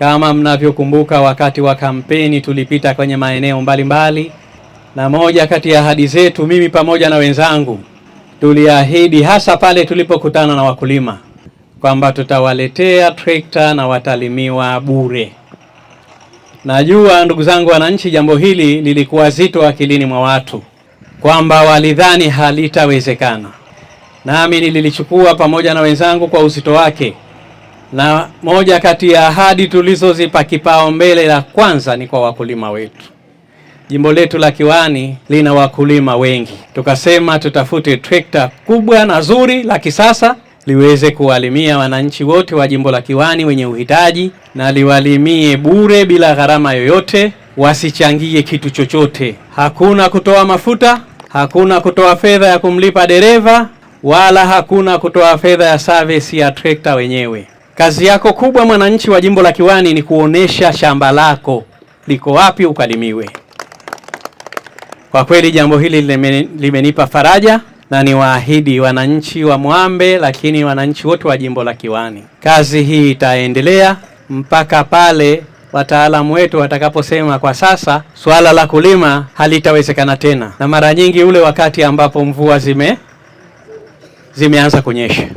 Kama mnavyokumbuka, wakati wa kampeni tulipita kwenye maeneo mbalimbali mbali, na moja kati ya ahadi zetu mimi pamoja na wenzangu tuliahidi hasa pale tulipokutana na wakulima kwamba tutawaletea trekta na watalimiwa bure. Najua ndugu zangu wananchi, jambo hili lilikuwa zito akilini mwa watu kwamba walidhani halitawezekana, nami nililichukua pamoja na wenzangu kwa uzito wake na moja kati ya ahadi tulizozipa kipaumbele la kwanza ni kwa wakulima wetu. Jimbo letu la Kiwani lina wakulima wengi, tukasema tutafute trekta kubwa na zuri la kisasa liweze kuwalimia wananchi wote wa jimbo la Kiwani wenye uhitaji, na liwalimie bure bila gharama yoyote, wasichangie kitu chochote. Hakuna kutoa mafuta, hakuna kutoa fedha ya kumlipa dereva, wala hakuna kutoa fedha ya service ya trekta wenyewe. Kazi yako kubwa, mwananchi wa jimbo la Kiwani, ni kuonesha shamba lako liko wapi ukalimiwe. Kwa kweli jambo hili limenipa faraja na niwaahidi wananchi wa Mwambe, lakini wananchi wote wa jimbo la Kiwani, kazi hii itaendelea mpaka pale wataalamu wetu watakaposema kwa sasa swala la kulima halitawezekana tena, na mara nyingi ule wakati ambapo mvua zime zimeanza kunyesha.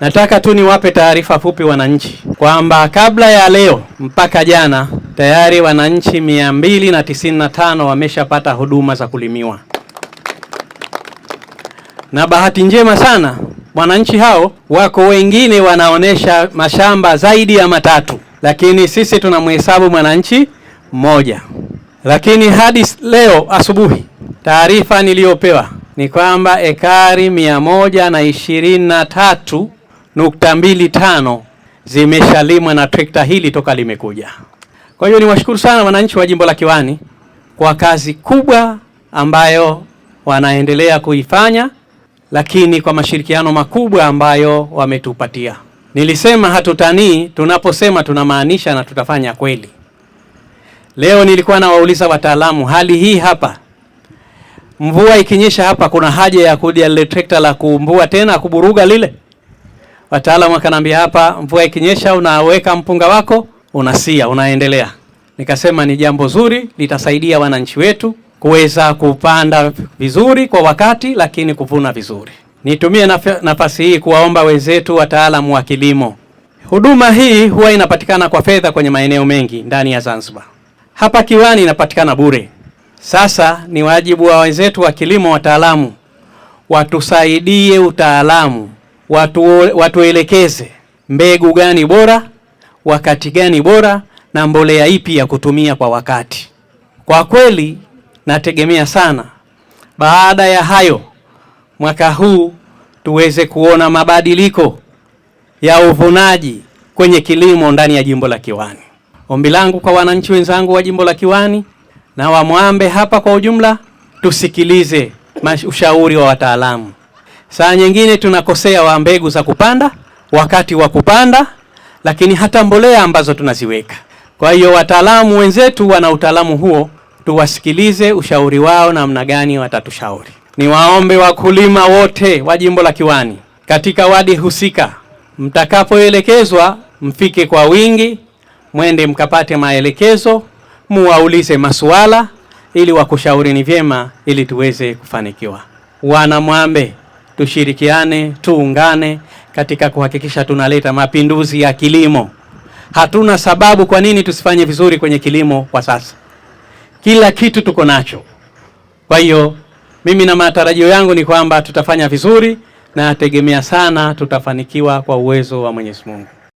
Nataka tu niwape taarifa fupi wananchi kwamba kabla ya leo mpaka jana tayari wananchi 295 wameshapata huduma za kulimiwa, na bahati njema sana wananchi hao wako wengine wanaonesha mashamba zaidi ya matatu, lakini sisi tunamhesabu mwananchi mmoja. Lakini hadi leo asubuhi taarifa niliyopewa ni kwamba ekari 123 nukta mbili tano zimeshalimwa na trekta hili toka limekuja. Kwa hiyo niwashukuru sana wananchi wa jimbo la Kiwani kwa kazi kubwa ambayo wanaendelea kuifanya, lakini kwa mashirikiano makubwa ambayo wametupatia. Nilisema hatutanii, tunaposema tunamaanisha na tutafanya kweli. Leo nilikuwa nawauliza wataalamu, hali hii hapa, mvua ikinyesha hapa, kuna haja ya kuja lile trekta la kuumbua tena kuburuga lile? wataalamu wakanambia, hapa mvua ikinyesha unaweka mpunga wako unasia, unaendelea. Nikasema ni jambo zuri, litasaidia wananchi wetu kuweza kupanda vizuri kwa wakati, lakini kuvuna vizuri. Nitumie nafasi hii kuwaomba wenzetu wataalamu wa kilimo. Huduma hii huwa inapatikana kwa fedha kwenye maeneo mengi ndani ya Zanzibar. Hapa Kiwani inapatikana bure. Sasa ni wajibu wa wenzetu wa kilimo, wataalamu watusaidie utaalamu watu watuelekeze mbegu gani bora, wakati gani bora, na mbolea ipi ya kutumia kwa wakati. Kwa kweli nategemea sana baada ya hayo mwaka huu tuweze kuona mabadiliko ya uvunaji kwenye kilimo ndani ya jimbo la Kiwani. Ombi langu kwa wananchi wenzangu wa jimbo la Kiwani na wa Mwambe hapa kwa ujumla, tusikilize ushauri wa wataalamu. Saa nyingine tunakosea wa mbegu za kupanda, wakati wa kupanda, lakini hata mbolea ambazo tunaziweka. Kwa hiyo wataalamu wenzetu wana utaalamu huo, tuwasikilize ushauri wao, namna gani watatushauri. Niwaombe wakulima wote wa jimbo la Kiwani katika wadi husika, mtakapoelekezwa mfike kwa wingi, mwende mkapate maelekezo, muwaulize masuala ili wakushaurini vyema, ili tuweze kufanikiwa. Wana Mwambe tushirikiane, tuungane katika kuhakikisha tunaleta mapinduzi ya kilimo. Hatuna sababu kwa nini tusifanye vizuri kwenye kilimo kwa sasa, kila kitu tuko nacho. Kwa hiyo mimi na matarajio yangu ni kwamba tutafanya vizuri na nategemea sana tutafanikiwa kwa uwezo wa Mwenyezi Mungu.